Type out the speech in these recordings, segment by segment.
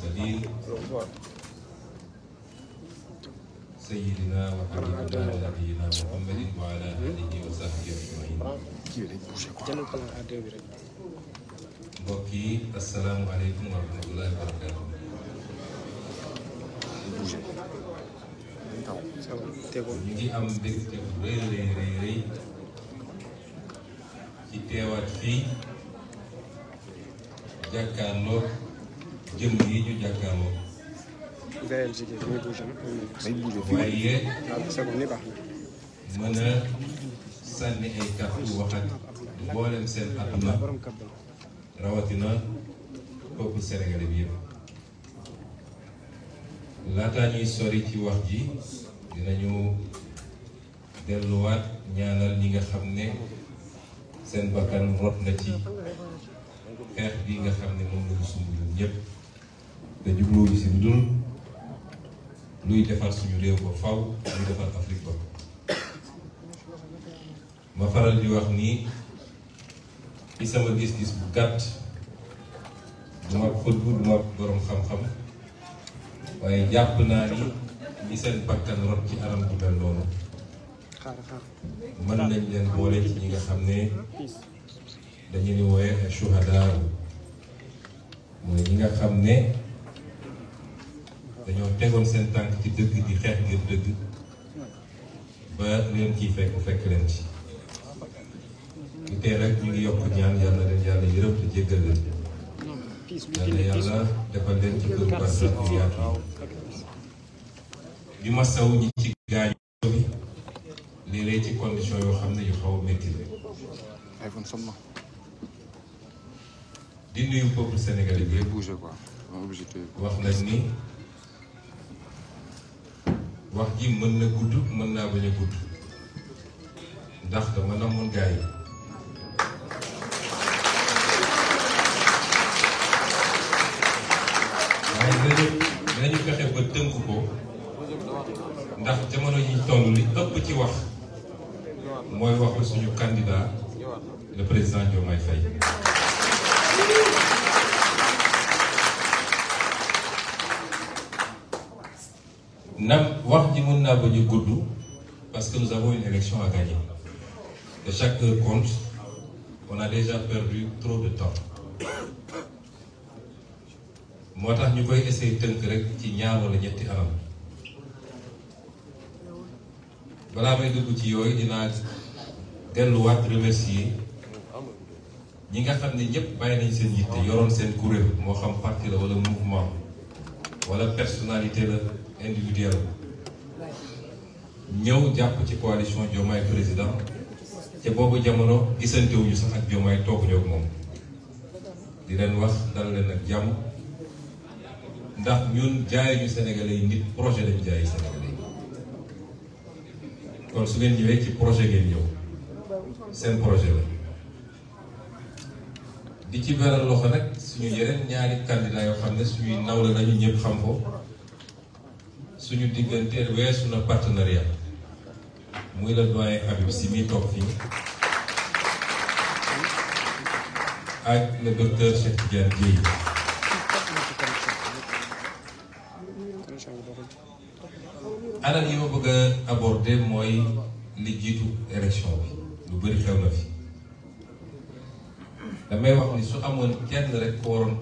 السبيل سيدنا وحبيبنا ونبينا محمد وعلى آله وصحبه أجمعين mbokk yi asalaamualeykum wa rahmatullahi wa barakaatu ñu ngi am mbégte bu rëy rëy rëy ci teewaat fii jàkkaarloo jëm yi ñu jàkkaarloo. gayal si mën a sànni ay kàddu waxat mboolem seen àdduna rawatina peuple sénégalais bi yëpp. laataa ñuy sori ci wax ji dinañu delluwaat ñaanal ñi nga xam ne seen bakkan rot na ci xeex bi nga xam ne moom la sumb ñun ñëpp. te jubluwuñu si lu dul luy defar suñu réew ba faw luy defar Afrique ba ma faral di wax nii ci sama gis-gis bu gàtt du ma fëlbu du ma boroom xam-xam waaye jàpp naa ni ñi seen bakkan rot ci anam bu mel noonu mën nañ leen boole ci ñi nga xam ne dañu ni wooye ay mooy ñi nga xam ne dañoo tegoon seen tànk ci dëgg di xeex ngir dëgg ba leen ciy fekk fekk leen ci li tey rek ngi yokk ñaan yàlla leen yàlla yërëm te jéggal leen yàlla leen ci këru barsaq yu yaatu yi di masaw ñi ci gaañu bi léeg-léeg ci condition yoo xam ne yu xaw a métti la di nuyu peuple sénégalais bi wax nañ ni wax ji mën na gudd mën naa bañ a gudd ndax dama namoon gars yi waaye nañu nañu fexe ba tënk ko ndax jamono yi toll li ëpp ci wax mooy waxu suñu candidat le président Diomaye Faye na wax ji mën naa bañ a gudd parce que nous avons une élection à gagner et chaque compte de temps moo tax ñu koy essayer tënk rek ci ñaar wala ñetti anam balaa may dugg ci yooyu dinaa delluwaat remercier ñi nga xam ne ñëpp bàyyi nañ seen yitte yoroon seen kuréel moo xam parti la wala mouvement wala personnalité la. individuellement ñëw jàpp ci coalition Diomaye président ca boobu jamono gisantewuñu sax ak Diomaye tooguñoo ñëw moom di leen wax dal ak jàmm ndax ñun jaayuñu Sénégalais yi nit projet lañu jaayi Sénégalais yi kon su ngeen ñëwee ci projet ngeen yëw seen projet la di ci beral loxo nag suñu yeneen ñaari candidat yoo xam ne suñuy naw la nañu ñëpp xam ko suñu digganteel weesu na partenariat muy la doyen Habib Sy mi toog fii ak le docteur Cheikh Tidiane Dièye anam ma bëgg a mooy li jiitu bi lu bëri xew na fi damay wax ni su amoon kenn rek ko waroon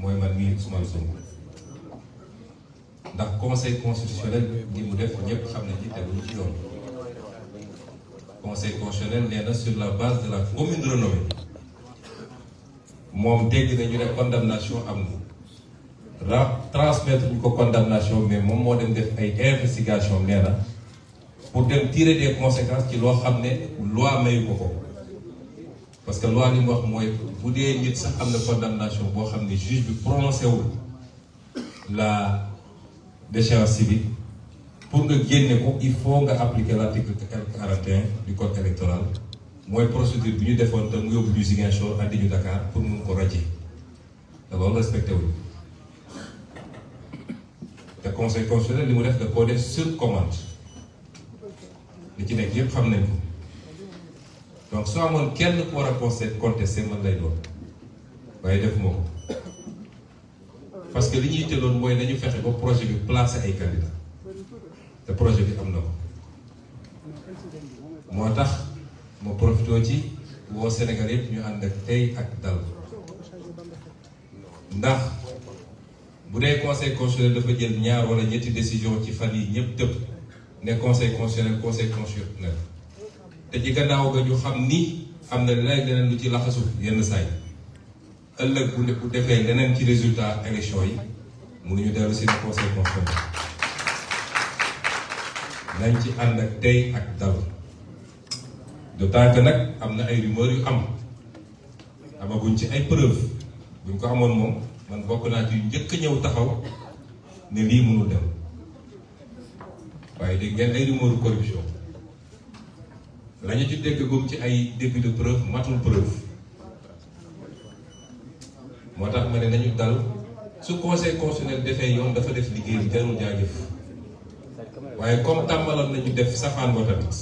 mooy man mii Ousmane Sonko ndax conseil constitutionnel li mu def ñëpp xam nañ ci teguñu ci yoon conseil constitutionnel nee na sur la base de la commune renommée moom dégg nañu ne condamnation am na ra transmettre ñu ko condamnation mais moom moo dem def ay investigation nee na pour dem tirer des conséquences ci loo xam ne loi mayu ko ko parce que loi li mu wax mooy bu dee nit sax am na condamnation boo xam ne juge bi prononcé wul la déchéance civique pour nga génne ko il faut nga appliquer l'article 41 di code électoral mooy procédure bi ñu defoon te mu yóbbu ñu Ziguinchor andi ñu Dakar pour mun ko radier te loolu respecté wuñu te conseil constitutionnel li mu def da koo def sur commande li ci nekk yëpp xam nañ ko donc soo amoon kenn ku war a conseil contesté man lay doon waaye defuma ko parce que li ñuy teeloon mooy nañu fexe ba projet bi placé ay candidats te projet bi am na ko moo tax ma profitoo ci woo Sénégal yëpp ñu ànd ak tey ak dal ndax bu dee conseil constitutionnel dafa jël ñaar wala ñetti décision ci fan yi ñëpp tëb ne conseil constitutionnel conseil constitutionnel te ci gannaaw ga ñu xam ni am na leneen leneen lu ci laxasu yenn saa ëllëg bu bu defee leneen ci résultat élection yi mënuñu dellu si le conseil constitutionnel nañ ci ànd ak tey ak dal d'autant que nag am na ay rumeur yu am amaguñ ci ay preuve buñ ko amoon moom man bokk naa ci njëkk ñëw taxaw ne lii mënul dem waaye dégg ngeen ay rumeur corruption la ñu ci dégg gum ci ay début de preuve matul preuve moo tax ma ne nañu dal su conseil constitutionnel defee yoon dafa def liggéey jarul jaajëf waaye comme tàmbaloon nañu def safaan wa tamit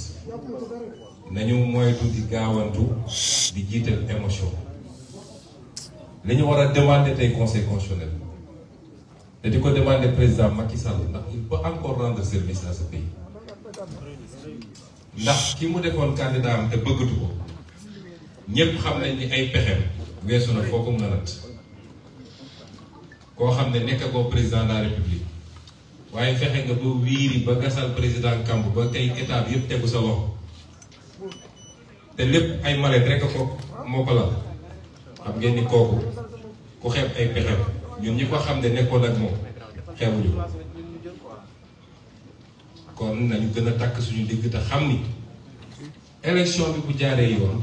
nañu moytu di gaawantu di jiital émotion li war a demande tey conseil constitutionnel te di ko demander président Macky Sall ndax il peut encore rendre service à ce pays ndax ki mu defoon candidat te bëggatu ko ñépp xam nañ ni ay pexem weesu na foo ko mën a nat koo xam ne nekk nekkagoo président de la république waaye fexe nga ba wiiri ba gasal président kamb ba tey état bi yëpp tegu sa loxo te lépp ay malet rek a ko moo ko lal xam ngeen ni kooku ku xeeb ay pexem ñun ñi ko xam ne nekkoon ak moom xeebuñu kon nañu gën a takk suñu digg te xam ni élection bi bu jaaree yoon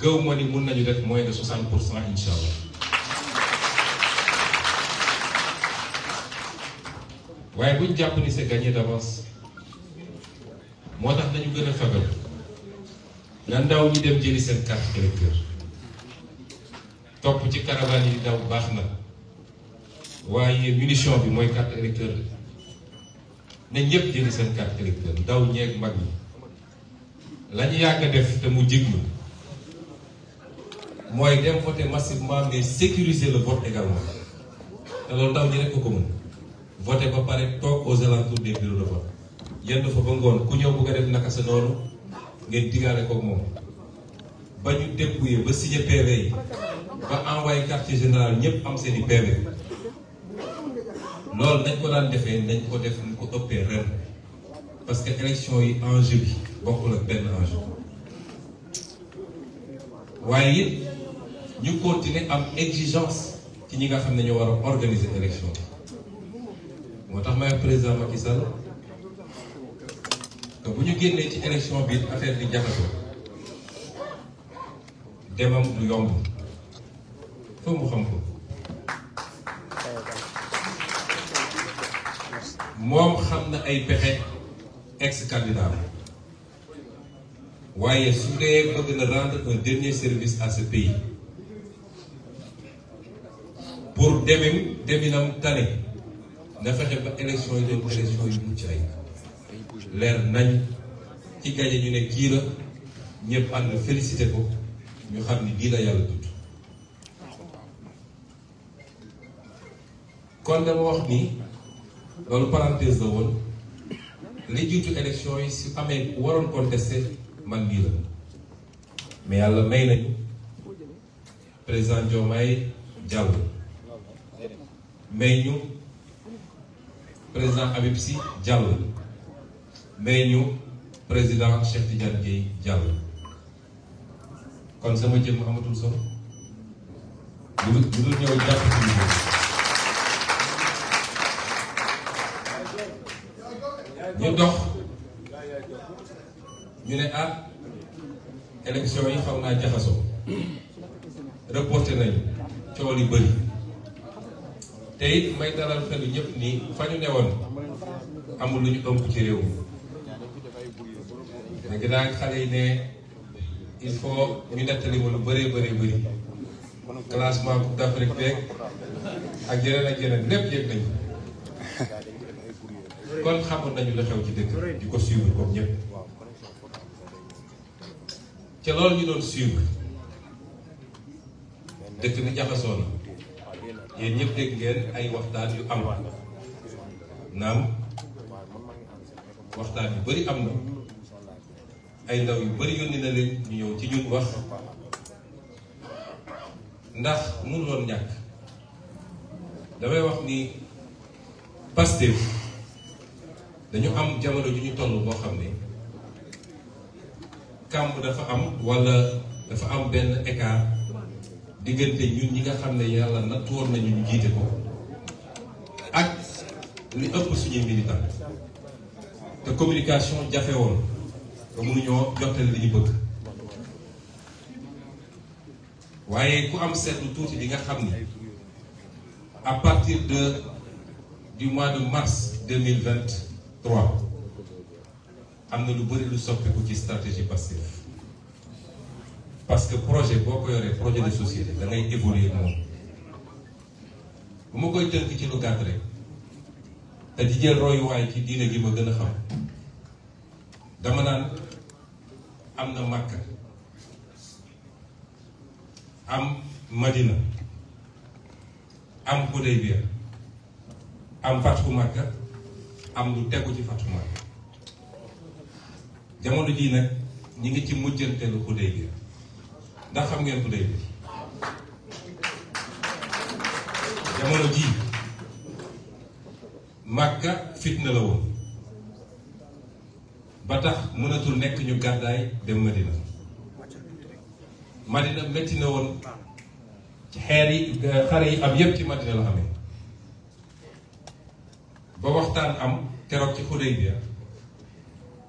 gëw ma ni mun nañu rek mooy de 60 pour cent incha waaye buñ jàpp ni c'est gagné d'avance moo tax dañu gën a fegal na ndaw ñi dem jëli seen carte électeur topp ci caravane yi daw baax na waaye munition bi mooy carte électeur na ñëpp jëli seen carte électeur ndaw ñeeg mag ñi la ñu yàgg def te mu jig mooy dem voter massivement mais sécuriser le vote également te loolu ndaw ñi rek ko ko voté ba pare toog aux alentours des bureaux de vote yenn fa ba ngoon ku ñëw bu ko def naka sa noonu ngeen digaale koog moom ba ñu dépouillé ba signé PV yi ba envoyé quartier général ñëpp am seen i PV loolu nañ ko daan defee nañ ko def ñu ko ëppee ren parce que élection yi enjeu bi bokkul ak benn enjeu waaye it ñu continuer am exigence ci ñi nga xam ne ñoo war a organiser élection bi moo tax may président Macky Sall que bu ñu génnee ci élection bi affaire bi jaxasoo demam lu yomb foofu mu xam ko moom xam na ay pexe ex candidat waaye su dee bëgg na un dernier service à ce pour demim deminam tane na fexe ba élection yi doon élection yu mucc ay leer nañ ci gañe ñu ne kii la ñëpp ànd félicité ko ñu xam ni lii yàlla tudd kon dama wax ni loolu parenthèse la woon li jiitu élection yi si amee waroon contesté man lii mais yàlla may nañu président Diomaye Diallo may ñu président Habib Sy Diallo may ñu président Cheikh Tidiane Gueye Diallo kon sama jëmm amatul solo lu dul ñëw jàpp ci ñu dox ñu ne ah élection yi xaw naa jaxasoo reporté nañu coow li bëri te may dalal xelu ñëpp nii fa ñu newoon amul lu ñu ëmb ci réew mi ma gënaag xale yi ne il faut ñu nettali ma lu bëree bëree bëri classement Coupe d'Afrique beeg ak yeneen ak yeneen lépp yëg nañu kon xamoon nañu la xew ci dëkk di ko suivre comme ñëpp ca loolu ñu doon suivre dëkk bi jaxasoo yéen ñëpp dégg ngeen ay waxtaan yu am naam waxtaan yu bari am na ay ndaw yu bari yónni na leen ñu ñëw ci ñun wax ndax mënu loon ñàkk damay wax ni Pastef dañu am jamono ju ñu toll boo xam ne kàmb dafa am walla dafa am benn écart diggante ñun ñi nga xam ne yàlla nattoon nañu ñu jiite ko ak li ëpp suñuy militant te communication jafe woon ba mënuñoo jottali li ñu bëgg waaye ku am seetlu tuuti bi nga xam ne à partir de du mois de mars deux mille vingt trois am na lu bëri lu soppeeku ci stratégie Pastef parce que projet boo ko yoree projet de société da ngay évoluer moom bu ma koy tënk ci lu gàtt rek te di jël royuwaay ci diine gi ma gën a xam dama naan am na Makka am Madina am Hudaybiya am Fathu Makka am lu tegu ci Fathu Makka jamono jii nag ñu ngi ci mujjantelu Hudaybiya ndax xam ngeen ku day bi jamono ji màkka fitna la woon ba tax mënatul nekk ñu gàddaay dem Madina Madina métti na woon ci xeer yi xare yi am yépp ci Madina la amee ba waxtaan am keroog ci Xudaybiya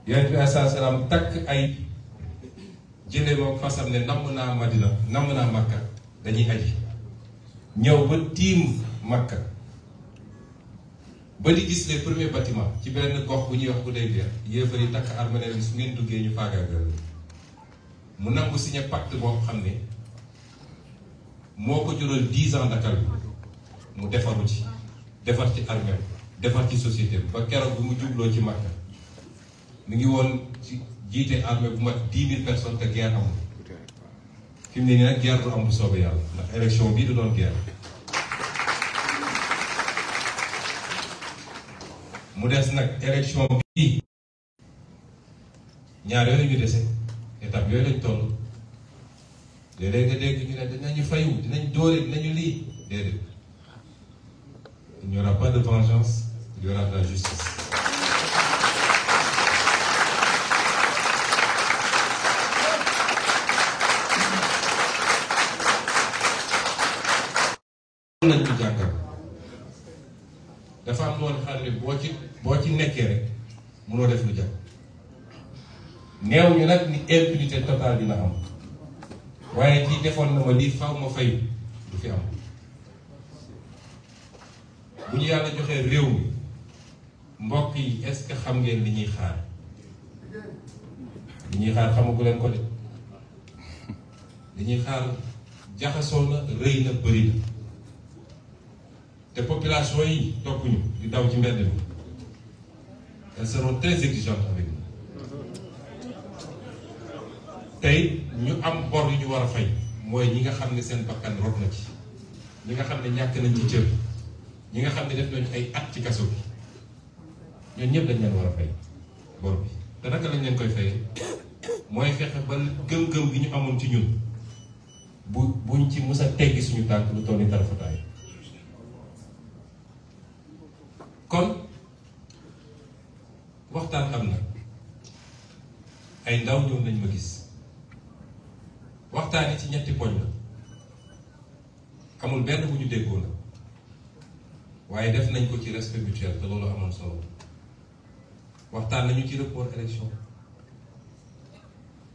yonent bi alayhi salaam takk ay jëlee moom fasam ne namm naa Madina namm na Makka dañuy aji ñëw ba tiim Makka ba di gis les premiers bâtiments ci benn gox bu ñuy wax Hudaybiya yéefar yi takk arme ne su ngeen duggee ñu faagaagal mu si signé pacte boo xam ne moo ko jural dix ans Dakar bi mu defaru ci defar ci armée defar ci société ba keroog bi mu jubloo ci Makka mi ngi woon ci jiite armée bu mat dix mille personnes te guerre amul fi mu ne nii nag guerre du am bu soobee yàlla ndax élection bii da doon guerre mu des nag élection bii ñaar yooyu ñu dese étape yooyu lañ toll léeg-léeg nga dégg ñu ne dinañu fayu dinañ dóore dinañu lii déedéet il n'y aura pas de vengeance il y aura de la justice nañ ci jàngal dafa am loolu xam ne boo ci boo ci nekkee rek mënoo def lu jàpp neew nag ni impunité totale dina am waaye ci defoon na ma lii faw ma fay du fi am bu ñu yàlla joxee réew mi mbokk yi est-ce xam ngeen li ñuy xaar li ñuy xaar xamagu leen ko de li ñuy xaar jaxasoo na rëy na bëri na te population yi toppuñu di daw ci mbedd mi elles seront très exigeantes avec nous tey ñu am bor yu ñu war a fay mooy ñi nga xam ne seen bakkan rot na ci ñi nga xam ne ñàkk nañ ci cër ñi nga xam ne def nañu ay at ci kaso bi ñoom ñëpp dañ leen war a fay bor bi te naka lañ leen koy fayee mooy fexe ba gëm-gëm gi ñu amoon ci ñun bu buñ ci mës a teggi suñu tànk lu toll ni tarafataay kon waxtaan am na ay ndaw ñëw nañ ma gis waxtaan yi ci ñetti poñ la amul benn bu ñu déggoo waaye def nañ ko ci respect mutuel te loolu amoon solo waxtaan nañu ci report élection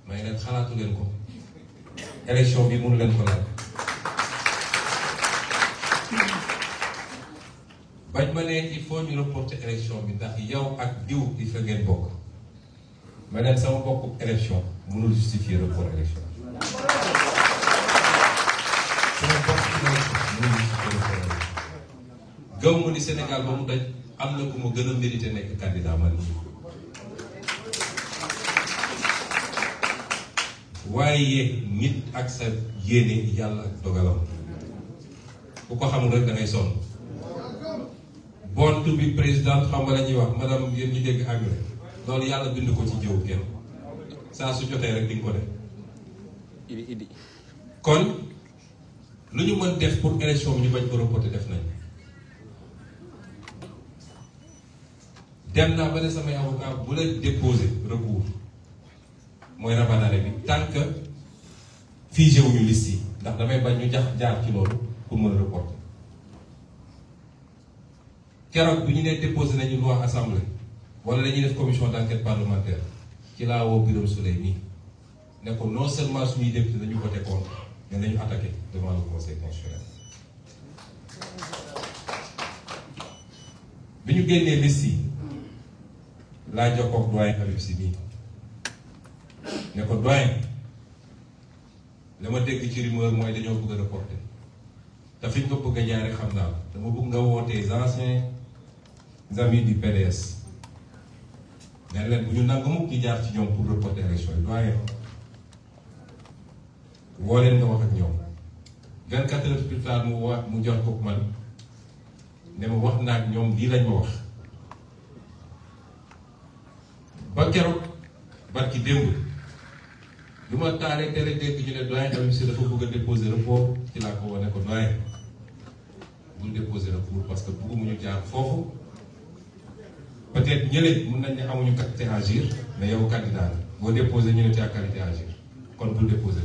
may leen xalaatu leen ko élection bi mënu leen ko laaj bañ ma nee il faut ñu reporter élection bi ndax yow ak diw di fa ngeen bokk ma ne sama bokk élection mënul justifier report élection sama bokk élection mënul ni Sénégal ba mu daj am na ku mu gën a mérité nekk candidat man waaye nit ak sa yéene yàlla dogalam ku ko xamul rek da sonn bontu bi présidente xam nga la wax madame yéen ñu dégg anglais loolu yàlla bind ko ci jëw kenn saa su jotee rek di ko de idi idi kon lu ñu mën def pour élection bi ñu bañ ko reporter def nañ dem naa ba ne samay avocat bu la déposé recours mooy rabanale bi tant que figé wuñu liste yi ndax damay bañ ñu jax jaar ci loolu pour mën a keroog bi ñu nee déposé nañu loi assemblée wala dañuy def commission d' enquête parlementaire ci laa woo Birame Souleye nii ne ko non seulement suñuy député dañu voté contre mais nañu attaqué devant le conseil constitutionnel. bi ñu génnee liste yi laa jokkoog doyen Habib Sy ne ko doyen la ma dégg ci rumeur mooy dañoo bëgg a reporter te fi ñu ko bëgg a jaaree xam naa dama bëgg nga wootee anciens. amis du PDS ne leen bu ñu nangu mukk jaar ci ñoom pour reporter élection yi doyen woo leen nga wax ak ñoom 24 heures plus mu wax mu jox ko man ne ma wax naa ñoom lii lañ ma wax ba keroog barki démb lu ma taaree teel a dégg ñu ne doyen Habib Sy dafa bëgg a déposer recours ci ko wane ko doyen bul déposer recours parce que bëggu mu ñu jaar foofu. peut-être ñële mun nañ ne amuñu qualité agir mais yow candidat la boo déposé ñu ne te ak kon bul déposé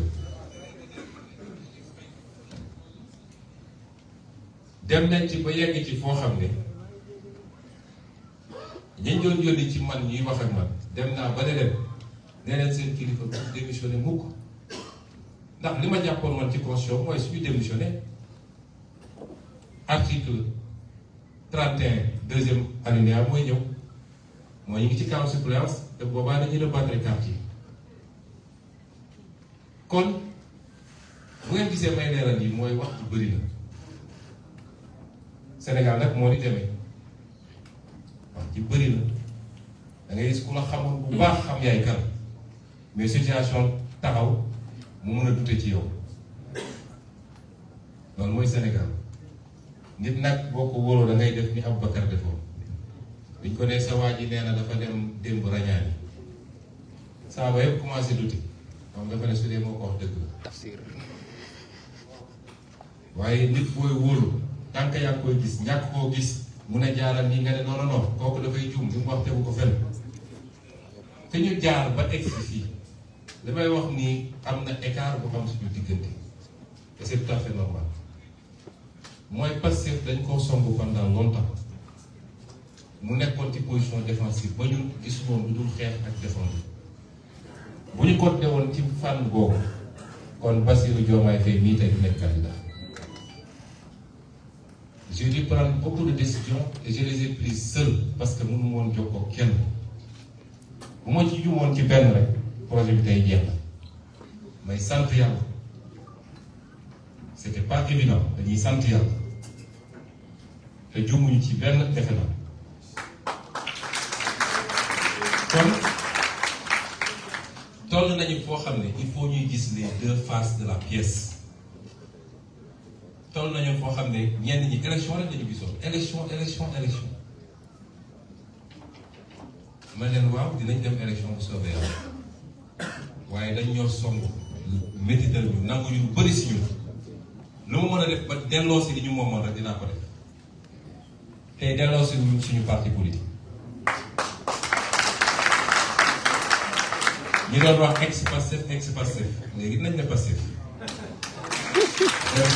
dem nañ ci ba yegg ci foo xam ne ñañ doon yónni ci man ñuy wax ak man dem naa ba ne leen ne leen seen kilifa ndax li ma jàppoon man ci constitution mooy suñu démissionné article 31 deuxième alinéa mooy ñëw mooy ñu ngi ci kaw suppléance te boobaa dañuy rebattre carte yi kon bu ngeen gisee may leeral yi mooy wax ju bëri la Sénégal nag moo di demee wax ji bëri la da ngay gis ku xamoon bu baax xam yaay kan mais situation taxaw mu mën a dute ci yow loolu mooy senegal nit nag boo ko wóoroo da ngay def ni Aboubacar defoon. biñ ko nee sa waa ji nee na dafa dem démb rañaani saa ba yëpp commencé duti moom dafa ne su dee moo ko wax dëgg la waaye nit booy wóolu tànk yaa koy gis ñàkk koo gis mun a jaaral nii nga ne noonu noonu kooku dafay juum li mu wax tegu ko fenn te ñu jaar ba egsi fii li wax nii am na écart bu xam suñu diggante et c'est tout normal mooy Pastef dañ koo somb pendant longtemps mu nekkoon ci position défensive ba ñun gisuloon lu dul xeex ak défendre bu ñu continué woon ci fànn boobu kon Bassirou Diomaye Faye mii tey du nekk candidat j'ai dû prendre beaucoup de décisions parce que mënu ma woon jokkoo kenn bu ma ci jumoon ci benn rek projet bi tey jeex na may sant yàlla c'était pas évident dañuy sant yàlla te jumuñu ci benn defe kon toll nañu foo xam ne il faut ñuy gis les deux faces la pièce toll nañu foo xam ne ñenn ñi élection rek lañu gisoon élection élection élection ma leen waaw dinañ dem élection bu soobee yàlla waaye dañ ñoo song métital ñu nangu ñu lu bëri si ñun lu mu mën a def ba li ñu moomoon rek dinaa ko def tey delloo si suñu parti ñi doon wax ex Pastef ex Pastef léegi nañ ne Pastef donc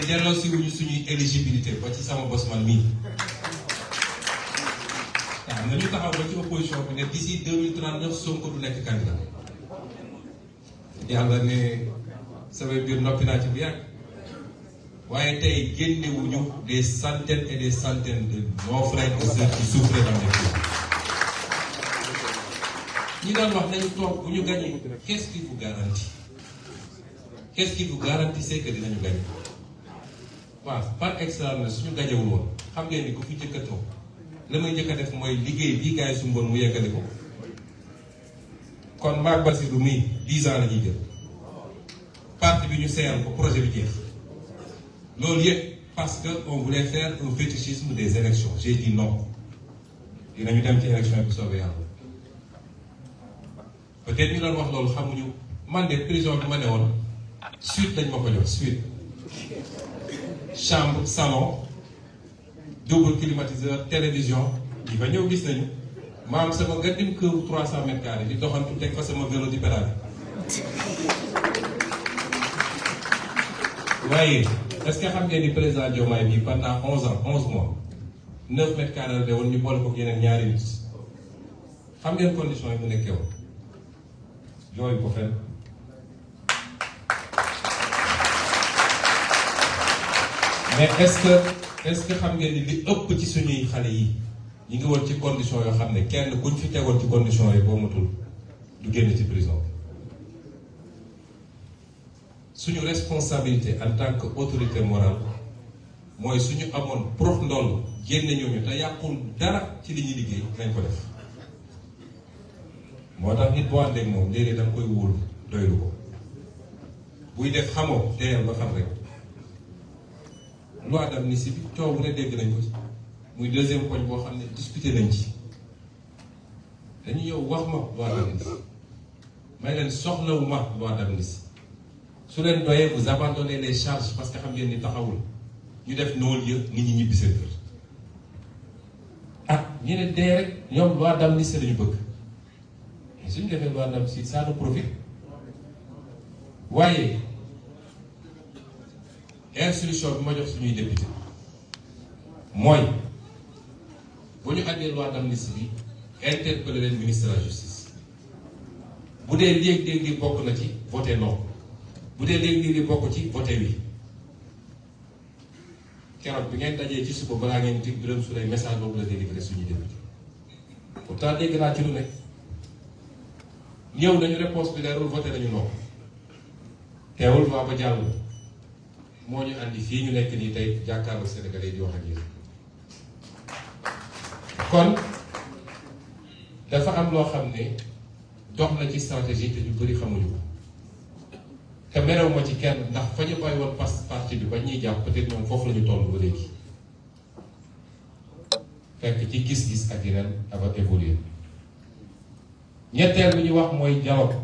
dina war si wuñu suñuy éligibilité ba ci sama bos man mii waaw am na ñu taxaw ba ci opposition bi ne d'ici deux mille trente neuf Sonko du nekk candidat yàlla ne samay biir noppi naa ci bu waaye tey génnewuñu des centaines et des centaines de nos frères et sœurs qui souffrent ñi doon wax nañu toog bu ñu gagné qu'est-ce qui vous garantit qu'est-ce qui vous dinañu gagné waaw par excellence suñu gagné xam ngeen ni ku fi njëkk toog la may njëkk def mooy liggéey bii gars yi su mboon mu yeggale ko kon maag Basirou mii 10 ans la jël parti bi ñu seeyal ko projet bi jeex loolu yëpp parce que on voulait faire un fétichisme des élections j'ai dit non dinañu dem ci élection bi soobee peut-être ñu doon wax loolu xamuñu man de prison bi ma ne woon suite lañ ma ko jox suite chambre salon double climatiseur télévision yi ñëw gis nañu maam sama gaddim këru 300 mètres carrés di doxantu teg fa sama vélo di pédale waaye est que xam ngeen ni président Diomaye bi pendant 11 ans 11 mois 9 mètres carrés de woon ñu boole ko yeneen ñaari nit xam ngeen condition yi mu nekkee woon jooyu ko fenn mais est-ce que est-ce que xam nga ni li ëpp ci suñuy xale yi ñu ngi woon ci condition yoo xam ne kenn kuñ fi tegoon ci condition yi boo matul du génn ci prison suñu responsabilité en tant que autorité morale mooy suñu amoon prof ndoll génne ñooñu te yàqul dara ci li ñuy liggéey nañ ko def moo tax nit boo ànd ak moom léeg-léeg da nga koy wóolu doylu ko buy def xamoo ko ba xam rek loi d'amnistie bi coow bu ne dégg nañ ko ci muy deuxième poñ boo xam ne discuté nañ ci dañu yow wax ma loi d'amnistie may leen soxlawu ma loi d'amnistie su leen doyee vous abandonnez les charges parce que xam ngeen ni taxawul ñu def noonu yëpp nit ñi ñibbi seen kër ah ñu dee rek ñoom loi d'amnistie lañu bëgg mais suñ defee loi d'amnistie ça nous profite waaye instruction bi ma jox suñuy député mooy bu ñu àndee loi d'amnistie bi interpellé leen ministre de la justice bu dee léeg-léeg li bokk na ci voté non bu dee léeg-léeg li bokk ci voté oui keroog bi ngeen dajee ci suba balaa ngeen dig Birame Souleye message boobu la délivré suñuy député pourtant dégg naa ci lu nekk. ñëw nañu réponse bi leerul voté nañu non teewul waa ba jàll moo ñu andi fii ñu nekk nii tey jàkkaarloo Sénégalais di wax ak yéen kon dafa am loo xam ne dox na ci stratégie te ñu bëri xamuñu ko te merew ma ci kenn ndax fa ñu bàyyi woon pas parti bi ba ñuy jàpp peut-être ñoom foofu la ñu ba léegi fekk ci gis-gis ak yeneen dafa évolué. ñetteel bi ñu wax mooy dialogue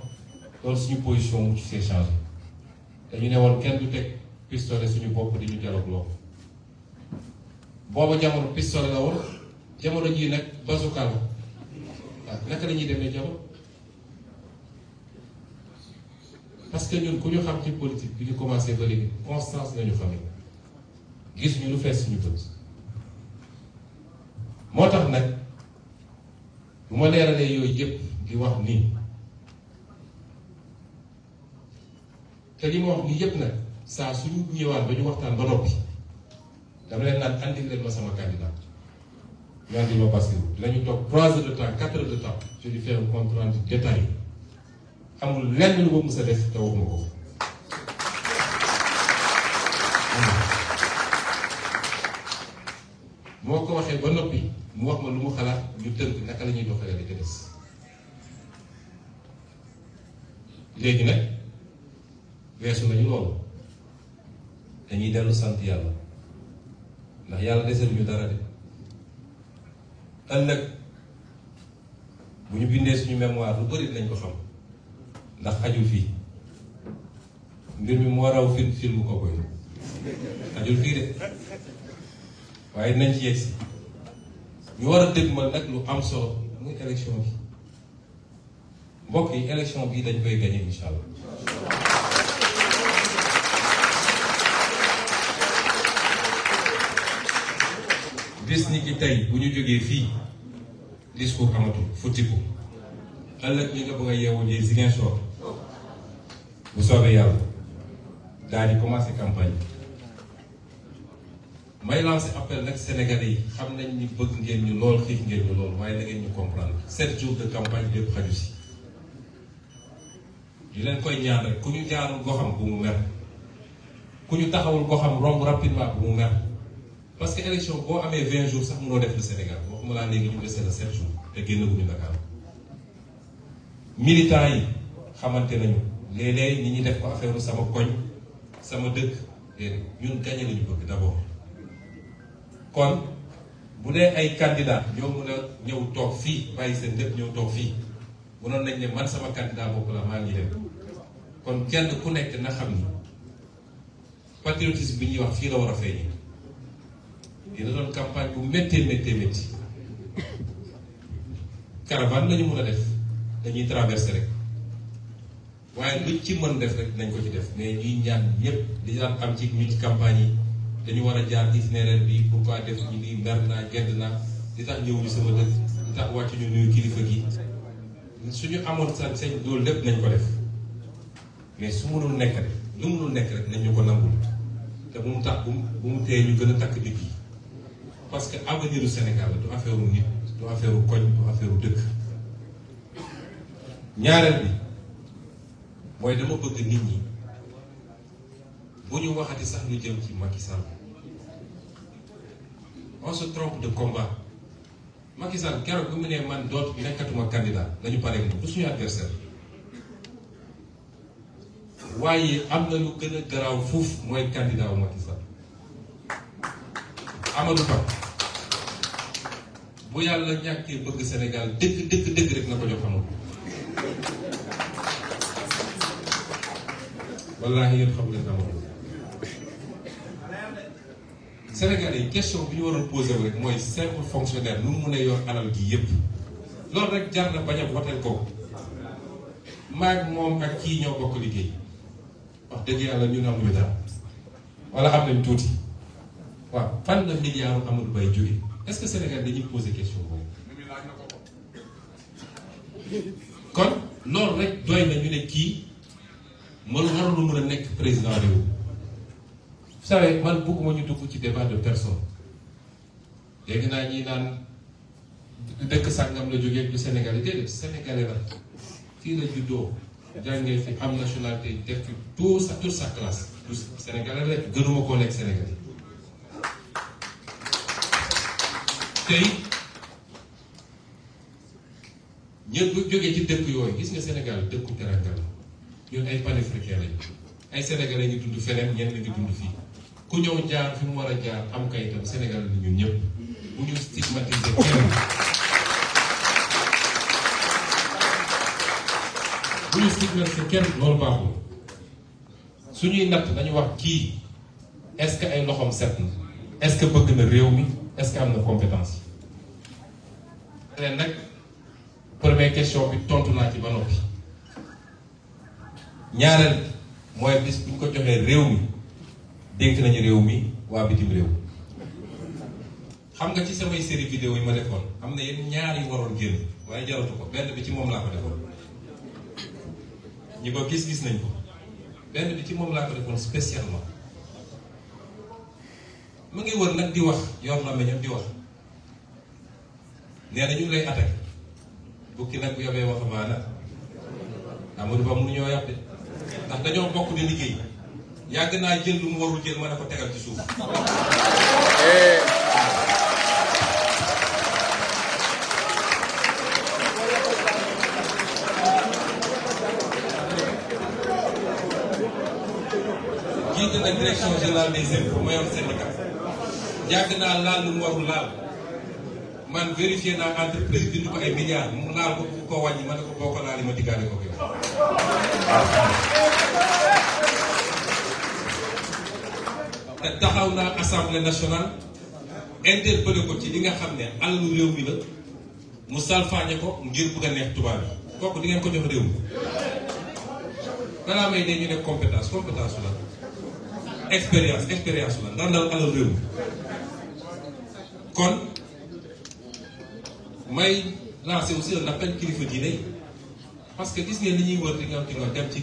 loolu suñu position mu ci s'est changé dañu ne woon kenn du teg pistolet suñu bopp di ñu dialogue loo booba jamono pistolet la woon jamono jii nag bazooka la waaw naka la ñuy demee jamono parce que ñun ku ñu xam ci politique bi ñu commencé ba léegi constance nañu xam gis ñu lu fees suñu bët moo tax nag bu ma leeralee yooyu yëpp. di wax nii te li ma wax nii yëpp nag saa suñu ñëwaat ba ñu waxtaan ba noppi dama leen naan andil leen ma sama candidat ñu andil ma Bassirou dinañu toog trois heures de temps quatre de temps je lui fais un lu ko mës def te waxuma ko moo ko waxee ba noppi mu wax ma lu mu xalaat ñu tënk naka la ñuy di te léegi nag weesu nañu loolu dañuy dellu sant yàlla ndax yàlla desal ñu dara de ëllëg bu ñu bindee suñu mémoire lu bëri nañ ko xam ndax xajul fii mbir mi moo raw fil fil bu ko koy xajul fii de waaye dinañ ci yegg ñu war a dëgmal nag lu am solo muy élection bi mbokk yi élection bii dañ koy gagné incha allah. bis ni ki tey bu ñu jógee fii discours amatul futtiku ëllëg bu soobee yàlla daal di commencé campagne may lancé appel nag Sénégalais yi xam nañ ni bëgg ngeen ñu lool xiif ngeen ñu lool waaye da ñu comprendre sept jours de campagne lépp xaju si. di leen koy ñaan rek ku ñu jaarul goxam bu mu mer ku ñu taxawul goxam romb rapidement bu mu mer parce que élection boo amee 20 jours sax mënoo def lu Sénégal waxuma laa léegi ñu dese la 7 jours te génnaguñu Dakar militants yi xamante nañu léeg-léeg nit ñi def ko affaire sama koñ sama dëkk déedéet ñun gagné lañu bëgg d'abord kon bu dee ay candidats ñoo mën a ñëw toog fii bàyyi seen dëkk ñëw toog fii. mënoon nañ ne man sama candidat boobu la maa ngi dem kon kenn ku nekk na xam ni patriotisme bi ñuy wax fii la war a feeñee dina doon campagne bu méttee méttee métti caravane la ñu a def dañuy traversé rek waaye luñ ci mën def rek nañ ko ci def mais ñuy ñaan ñëpp di daan am ci ñu ci campagne yi dañu war a jaar itinéraire bi pourquoi def ñu ni mer naa gedd na di tax ñëw ñu sama dëkk di tax wàcc nuyu kilifa gi suñu amoon sa sañ loolu lépp nañ ko def mais su mënul nekk rek lu mënul nekk rek nañ ñu ko nangul te bu mu tax bu mu tee ñu gën a takk nit yi parce que avenir u Sénégal la affaire nit du affaire koñ du affaire dëkk ñaareel bi mooy dama bëgg nit ñi bu ñu waxati sax lu jëm ci Macky Sall on se trompe de combat Macky Sall keroog bi mu ne man doot nekkatuma candidat dañu pare moom du suñu adversaire waaye am na lu gën a garaaw fuuf mooy candidat wu Macky Sall Amadou bu yàlla ñàkkee bëgg Sénégal dëgg dëgg dëgg rek na ko jox Amadou wallaahi yéen xamu leen Amadou sénégal yi question bi ñu waroon posé wu rek mooy simple fonctionnaire nu mu mën a yor alal gi yépp loolu rek jar na bañ a votel ko maag moom ak kii ñoo bokk liggéey wax dëgg yàlla ñu ne amuñu dara wala am nañ tuuti waaw fan la milliard Amadou Baye jóge est-ce que Sénégal dañuy poser question boobu kon loolu rek doy na ñu ne kii man lu mun a nekk président réew savez man bëgguma ñu dugg ci débat de personne naa ñi naan dëkk sàngam la jógee du Sénégalais déedéet Sénégalais la fii la juddoo jàngee fi am nationalité def fi tout sa toute sa classe tout Sénégalais la gënuma koo nekk Sénégalais tey ñëpp jógee ci dëkk yooyu gis nga Sénégal dëkku teranga la ñun ay panafricains lañu ay sénégalais ngi dund feneen ñenn ngi dund fii. ku ñëw jaar fi mu war a jaar am kayitam Sénégal la ñun ñëpp bu ñu stigmatiser kenn bu ñu stigmatiser kenn loolu baaxul suñuy natt dañu wax kii est-ce que ay loxoom set na est bëgg na réew mi est-ce am na compétence yi leen nag première question bi tontu naa ci ba noppi ñaareel mooy bis bu ñu ko joxee réew mi dénk nañu réew mi waa bitim réew xam nga ci samay série vidéo yi ma defoon am na yenn ñaar yu waroon génn waaye ko benn bi ci moom laa ko defoon ñi ko gis-gis nañ ko benn bi ci moom laa ko defoon spécialement mu ngi wër nag di wax yor na meñam di wax nee na ñu ngi lay attaqué bukki nag bu yobee waxamaana Amadou Ba mënuñoo yàpp de ndax dañoo bokk di liggéey yàgg naa jël lu warul jël ma dafa tegal ci suuf jiite na direction générale des impôts ma yor syndicat yàgg naa laal lu warul laal man vérifié naa entreprise bi ko ay milliards mu laal ko ko wàññi ma ne ko boo ko laalee ma diggaale ko ko te taxaw naa assemblée nationale interpellé ko ci li nga xam ne alalu réew mi la mu salfaañe ko ngir bëgg a neex tubaab yi kooku di ko jox réew mi danaa may ne ñu ne compétence compétence la expérience expérience su la ndax ndaw alalu réew mi kon may lancé aussi un appel kilifa diine yi parce que gis ngeen li ñuy wër di dem ci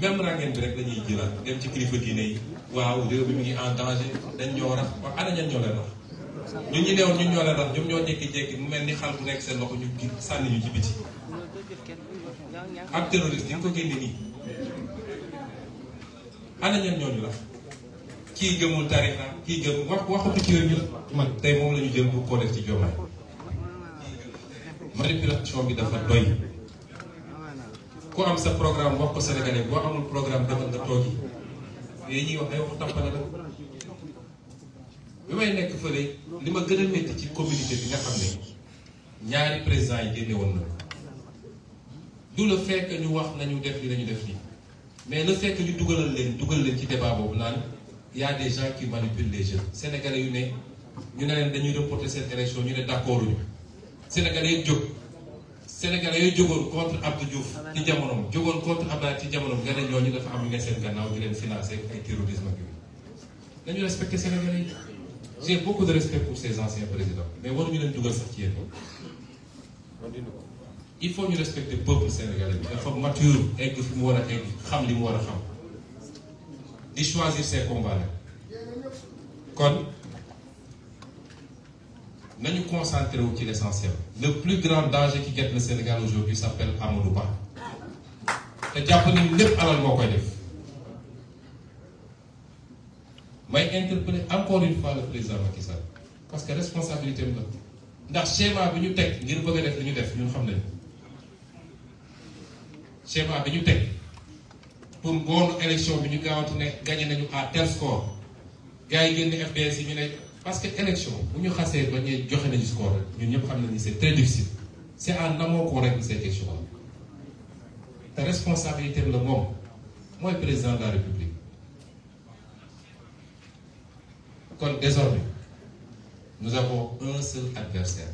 même rangeen bi rek la ñuy dem ci kilifa diine yi waaw réew mi mu ngi en danger dañ ñoo rax wax ñoo leen rax ñun ñi newoon ñoo leen rax ñoom ñoo jékki-jékki mu mel ni xal bu nekk seen loxo ñu gi sànni ñu ci biti ak terroriste ñu ko génne nii ana ñoo ñu rax kii gëmul tarixa kii gëmul wax waxatu ci yooyu la man tey moom la ñu jël pour koo def ci Diomaye manipulation bi dafa doy ku am sa programme wax ko sénégalais boo amul programme dafa nga toogi yooyu ñuy wax ay waxu tampale la bi may nekk fële li ma gën a métti ci communauté bi nga xam ne ñaari président yi génne woon na du le fekk ñu wax nañu def li nañu def nii mais le fait que ñu dugalal leen dugal leen ci débat boobu naan y a des gens qui manipulent les jeunes yu ne ñu ne leen dañuy reporter seen élection ñu ne d'accord uñu sénégalais yëpp sénégal yooyu jógoon contre Abdou Diouf ci jamonoom jógoon contre Abdoulaye ci jamonoom nga ne ñooñu dafa am ne seen gannaaw di leen financé ay terrorisme ak yooyu nañu respecté Sénégalais yi j'ai beaucoup de respect pour ces anciens présidents mais waruñu leen il faut ñu respecter peuple sénégalais bi dafa mature egg fi mu war a egg xam li mu war a xam di choisir ses combats la kon nañu concentré wu ci l'essentiel le plus grand danger qui guette le Sénégal aujourd'hui s'appelle Amadou Ba te jàpp ni lépp alal moo koy def may interpeller encore une fois président parce que responsabilité am la ndax schéma bi ñu teg ngir bëgg a def li ñu def ñun xam nañu schéma bi ñu teg pour ngoonu élection bi ñu gaawante ne gagné nañu à tel score gars yi génn FDS yi ñu ne. parce que élection bu ñu xasee ba ñuy joxe nañu score rek ñun ñëpp xam nañu c'est très difficile c'est en amont qu'on règle ces questions te responsabilité la moom mooy président de la république kon désormais nous avons un seul adversaire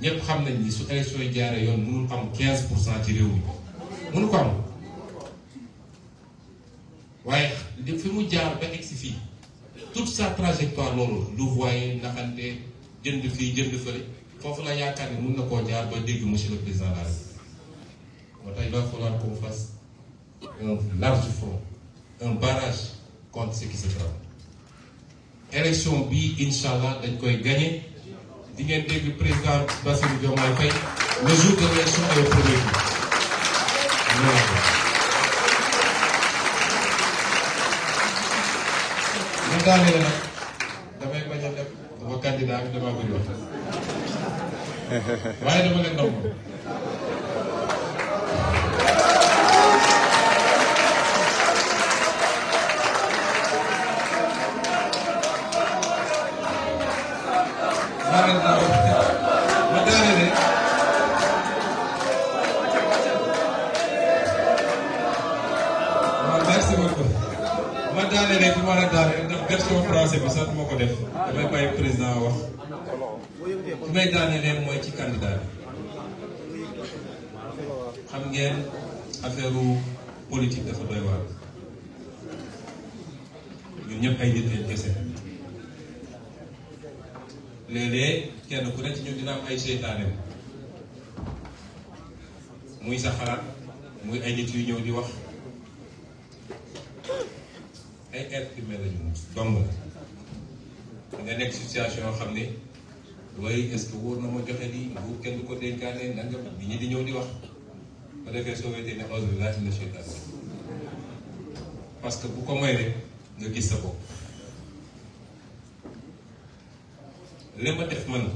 ñëpp xam nañ su élection yi jaaree yoon mënul am 15 pour cent ci réew mi mënu ko am waaye fi mu jaar ba egsi fii tout sa trajectoire loolu du voyer naxante jënd fii jënd fële foofu la yaakaar ni mun na koo jaar ba dégg monsieur le président de moo tax il va falloir qu'on fasse un large front un barrage contre ce qui se trame élection bi incha allah dañ koy gagné di dégg président Bassirou Diomaye Faye le jour de l'élection est le premier jour daanee nag damay bañ a def sama candidat bi damaa bëri wax waaye dama leen nangu version français bi sax moo ko def damay bàyyi président wax su may daanelee mooy ci candidat bi xam ngeen affaire politique dafa doy waar ñun ñëpp ay nit lañ kese léeg-léeg kenn ku ne ci ñun dina am ay seytaane muy sa xalaat ay nit yu ñëw di wax ay air primaire la ñu dong la nga nekk situation yoo xam ne waaye est-ce que wóor na ma joxe lii nguur kenn du ko dénkaane nanga bi ñi di ñëw di wax ba defee soo wetee ne a'uuzu billaahi mina shaytaani parce que bu ko moy rek nga gis sa bopp li ma def man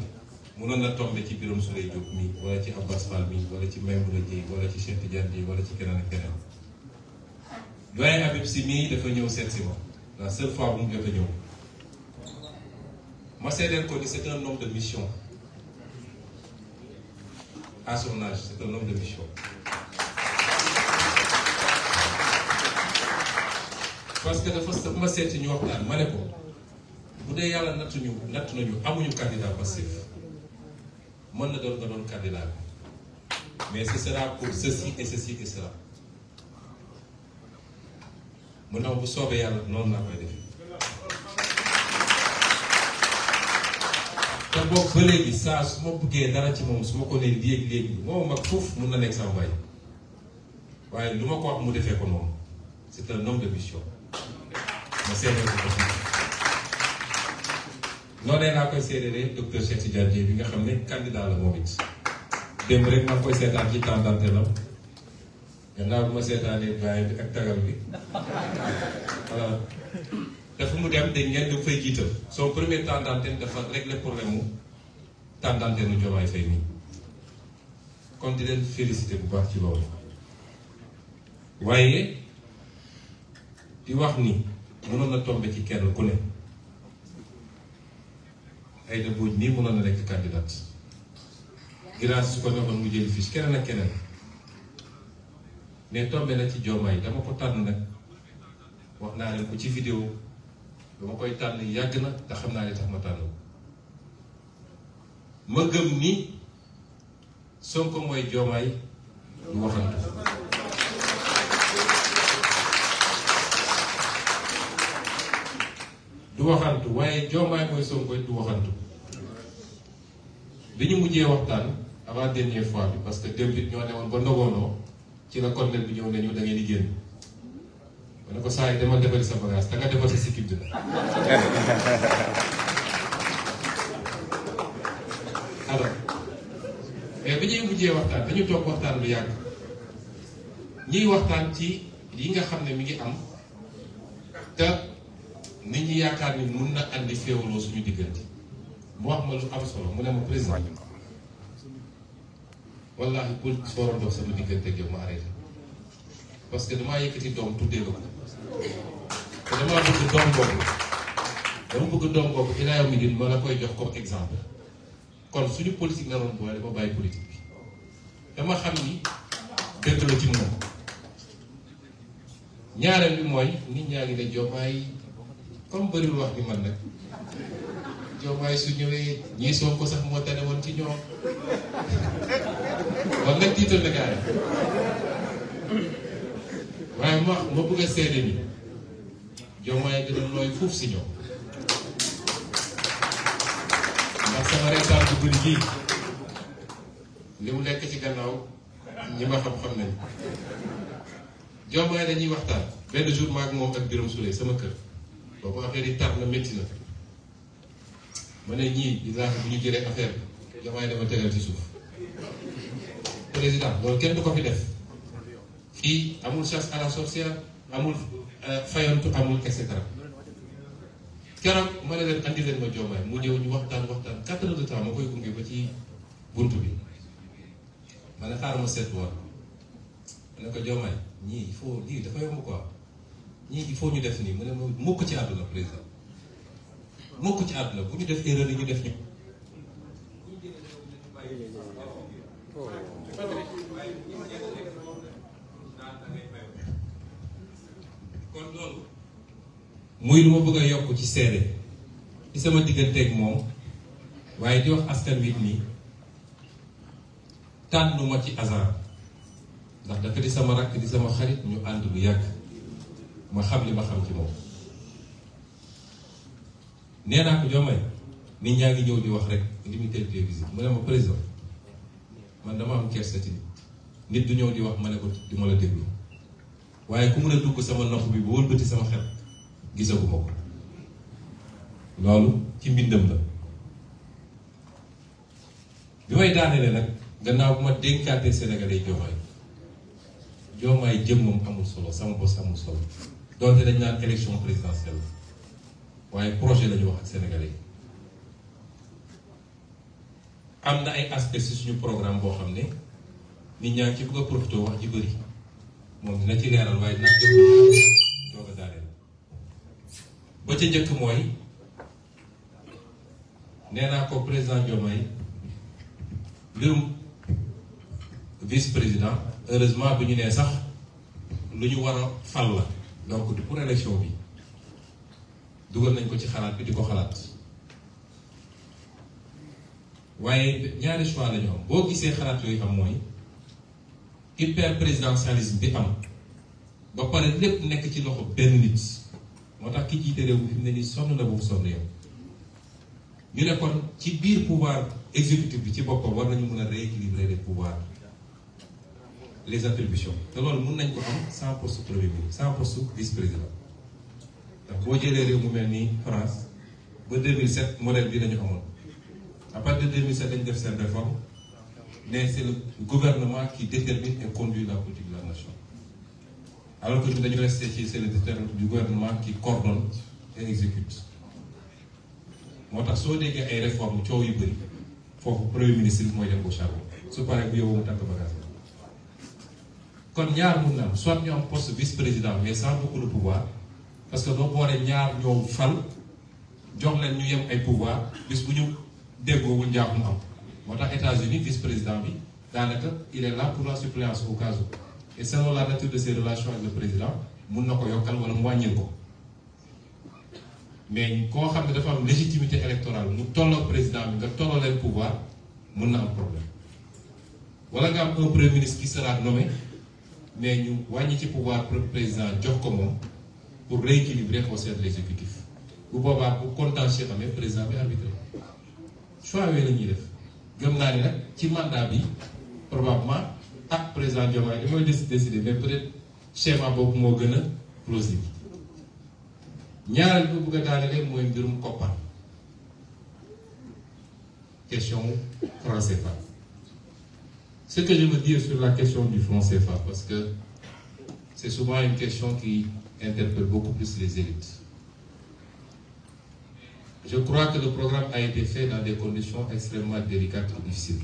mënoon na tombe ci biirum Souleye Diop mi wala ci Abbas Fall mi wala ci Maimouna Dieye wala ci Cheikh Tidiane Dieye wala ci keneen ak keneen doyen Habib Sy mii dafa ñëw seet si ma la seule bu mu jot ñëw ma seedeel ko ni c'est un homme de mission à son parce que dafa sa ma seeti ñu waxtaan ma ne ko bu dee yàlla nattuñu natt nañu amuñu candidat passif mën na doon nga doon candidat bi mais ce sera pour ceci et ceci et mu ne ma bu soobee yàlla noonu laa koy def te boobu ba léegi saa su ma bëggee dara ci moom su ma ko nee léegi léegi moom mag foofu mun na nekk sama baay waaye lu ma ko wax mu defee ko moom c'est un homme de mission ma seedee ko ko noonee laa koy seedee docteur Cheikh Tidiane Dièye bi nga xam ne candidat la moom it démb rek maa koy seetaan ci temps d'antenne gannaaw bi ma seetaanee bàyyi bi ak tagal bi voilà dafa mu dem dañ ngeen di fay jiital son premier temps d'antenne dafa régler problème mu temps d'antenne nu Diomaye Faye nii kon di leen félicité bu baax ci loolu waaye di wax ni mënoon na tombe ci kenn ku ne ay da booj nii mënoon na nekk candidat grâce su ko neexoon mu jëli fiche keneen ak keneen mais tombé na ci Diomaye dama ko tànn nag wax naa ne ko ci vidéo dama koy tànn yàgg na te xam naa li tax ma tànn ko ma gëm ni Sonko mooy Diomaye du waxantu du waxantu waaye Diomaye mooy Sonko du waxantu bi ñu mujjee waxtaan avant dernière fois bi parce que démb ñoo ne ba ndogoonoo ci la colonel bi ñëw ne ñu da ngeen ma ne ko saa yi demal defari sa bagage da nga defar sa sikkim bi alors mais bi ñuy mujjee waxtaan dañu toog waxtaan lu yàgg ñiy waxtaan ci li nga xam ne mi ngi am te nit ñi yaakaar ni mun na andi féewaloo suñu diggante mu wax ma lu am solo mu ne ma président wallaahi politique su waroon sama diggante ak ma arrêté parce que damaa yëkkati doom tuddee la ko te damaa bëgg doom boobu dama bëgg doom boobu jox comme exemple kon suñu politique naroon boole dama bàyyi politique bi dama xam ni dëgg la ci moom ñaareel bi mooy nit ñaa ngi ne Diomaye comme bëriwul wax bi man nag Diomaye su ñëwee ñii Sonko sax moo tane woon ci ñoom war nga tiital na gaara waaye ma ma bëgg a seede ni Diomaye gën a si ñoom ndax sama reetaan bu guddi gii li mu nekk ci gannaaw ñi ma xam-xam nañ Diomaye dañuy waxtaan benn jour maag moom ak Birame Souleye sama kër boobu affaire yi tar na métti na ma ne ñii Ibrahima bu ñu jëlee affaire bi damay dama tegal ci suuf président loolu kenn du ko fi def fii amul chasse à la sorcière amul euh, fayantu amul et cetera keroog ma ne leen andi leen ma joomaay mu ñëw ñu waxtaan waxtaan quatre heures de temps ma koy gunge ba ci bunt bi ma ne xaaral ma seetlu woon ma ko joomaay ñii il faut lii dafa yomb quoi ñii il faut ñu def nii mu ne ma mukk ci àdduna président mukk ci àdduna bu ñu def erreur yi ñu loolu muy lu ma bëgg a yokk ci seede di sama digganteeg moom waaye di wax askan wi nii tànnuma ci hasard ndax dafa di sama rakk di sama xarit ñu ànd lu yàgg ma xam li ma xam ci moom nee naa ko Diomaye nit ñaa ngi ñëw di wax rek li muy teel visite mu ne ma président man dama am kersa ci nit du ñëw di wax ma ne ko du ma la déglu waaye ku mun a dugg sama nopp bi ba wëlbati sama xel gisagu ko loolu ci mbindam la bi may daanelee nag gannaaw bu ma dénkaatee Sénégalais yi Diomaye Diomaye jëmmam amul solo sama bos amul solo donte dañ naan élection présidentielle waaye projet la ñu wax ak Sénégalais yi am na ay aspects ci suñu programme boo xam ne nit ñaa ci bëgg a wax ji bëri moom dina ci leeral waaye ci doog a daaneel ba ca njëkk mooy nee ko président Diomaye mbirum vice président heureusement bu ñu nee sax lu ñu war a fal la donc du pour élection bi. dugal nañ ko ci xalaat bi di ko xalaat waaye ñaari choix la ñu am boo gisee xalaat yooyu am mooy président présidentialisme bi am ba pare lépp nekk ci loxo benn nit moo tax ki jiite réew mi fi sonn na bu sonn yow ñu ne kon ci biir pouvoir exécutif bi ci boppam war nañu mën a rééquilibrer les pouvoirs les attributions te lool mun nañ ko am sans poste premier ministre sans poste vice président. ndax koo jëlee réew mu mel nii France ba 2007 modèle bi lañu amoon à partir de 2007 dañu def seen réforme mais c'est le gouvernement qui détermine et conduit la politique de la nation alors que dañu resté ci c'est le déterminant du gouvernement qui moo tax soo déggee ay réformes coow yu bëri foofu premier ministre bi mooy dem au charbon su paree bu yóbbu mu tàgg bi kon ñaar mun na soit ñu am poste vice président mais sans beaucoup de pouvoir parce que doo boole ñaar ñoom fal jox leen ñu yem ay pouvoir bis bu ñu déggoowul njaaxum am moo tax États-Unis vice-président bi daanaka il est là pour la suppléance au et selon la nature de ses relations avec le président mun na ko yokkal wala mu wàññil ko mais koo xam ne dafa am légitimité électorale mu tolloog président bi nga tolloo leen pouvoir mun na am problème walla nga am un premier ministre qui ñu wàññi ci pouvoir président jox ko moom pour rééquilibrer conseil de l'exécutif bu boobaa bu contentieux amee président bi arbitré choix yooyu la ñuy def gëm naa ne nag ci mandat bi probablement ak président Diomaye damay décider mais peut-être schéma boobu moo gën a plausible ñaareel bi bëgg a mooy mbirum koppar question franc CFA ce que je veux dire sur la question du franc CFA parce que c'est souvent une question qui interpelle beaucoup plus les élites. Je crois que le programme a été fait dans des conditions extrêmement délicates et difficiles.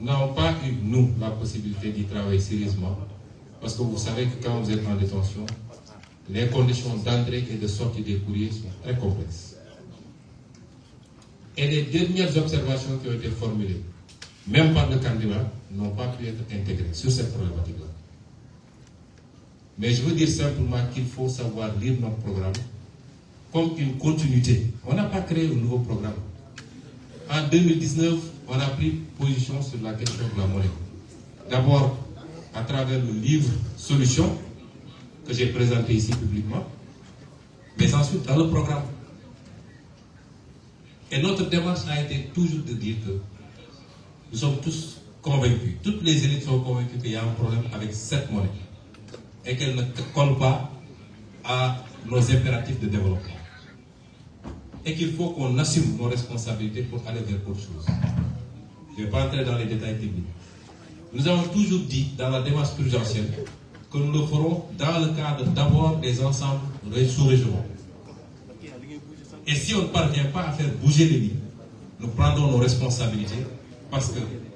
Nous pas eu, nous, la possibilité d'y travailler sérieusement, parce que vous savez que quand en détention, les conditions d'entrée et de sortie des sont très complexes. Et les dernières observations qui ont été formulées, même par le candidat, n'ont pas pu être intégrées sur cette problématique-là. Mais je veux dire simplement qu'il faut savoir lire notre programme comme une continuité. On n'a pas créé un nouveau programme. En on a pris position sur la question de la monnaie. D'abord, à travers le livre Solutions que j'ai présenté ici publiquement, mais ensuite dans le programme. Et notre démarche a été toujours de dire que nous sommes tous convaincus, toutes les élites sont convaincues qu'il y a un problème avec cette monnaie. et qu'elle ne colle pas à nos impératifs de développement. Et qu'il faut qu'on assume nos responsabilités pour aller vers autre chose. Nous avons toujours dit dans la démarche prudentielle que nous le ferons dans le cadre d'abord des ensembles sous-régionaux. Et si on ne parvient pas à faire bouger les lignes, nous prendrons nos responsabilités parce que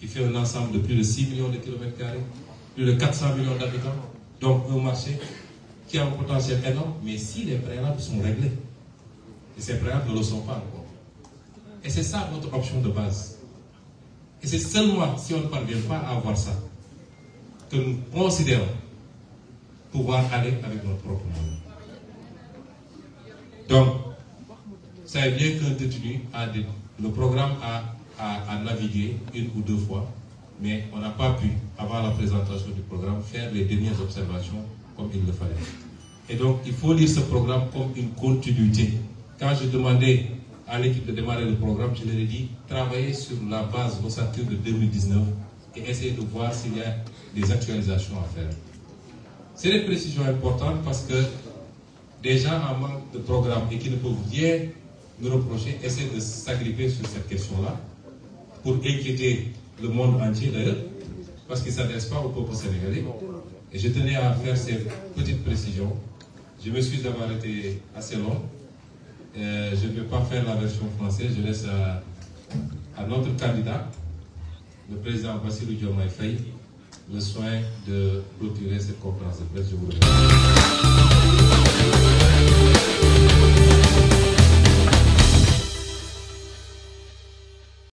qui fait un ensemble de plus de 6 millions de kilomètres carrés, plus de 400 millions d'habitants, donc un marché qui a potentiel énorme, mais si les préalables sont réglés, et ces préalables ne sont pas encore. Et c'est ça notre option de base. Et c'est seulement si on ne parvient pas avoir ça que nous considérons pouvoir aller avec notre propre monde. Donc, savez bien qu'un détenu a des, le programme a à, à, naviguer une ou deux fois, mais on n'a pas pu, avant la présentation du programme, faire les dernières observations comme il le fallait. donc, il faut lire ce programme comme une continuité. Quand je demandais à l'équipe de démarrer le programme, je leur ai travailler sur la base ressentie de et essayer de voir s'il y a des actualisations à faire. C'est des précisions importantes parce que des gens en manque de programme et qui ne peuvent rien pour inquiéter le monde entier d'ailleurs, parce qu'il ne s'adresse pas au peuple sénégalais. Et je tenais à faire ces petites précisions. Je m'excuse d'avoir été assez long. Euh, je ne vais pas faire la version française, je laisse à, à notre candidat, le président Bassirou Diomaye Faye, le soin de clôturer cette conférence de presse. Je vous remercie.